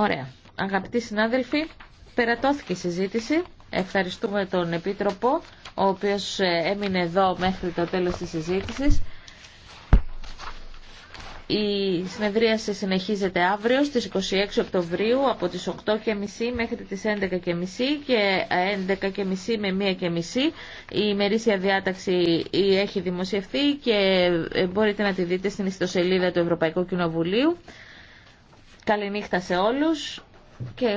Ωραία. Αγαπητοί συνάδελφοι, περατώθηκε η συζήτηση. Ευχαριστούμε τον Επίτροπο, ο οποίος ε, έμεινε εδώ μέχρι το τέλος της συζήτησης. Η συνεδρίαση συνεχίζεται αύριο στις 26 Οκτωβρίου από τις 8.30 μέχρι τις 11.30 και 11.30 με 1.30. Η ημερήσια διάταξη έχει δημοσιευθεί και ε, μπορείτε να τη δείτε στην ιστοσελίδα του Ευρωπαϊκού Κοινοβουλίου. Καληνύχτα σε όλους. Και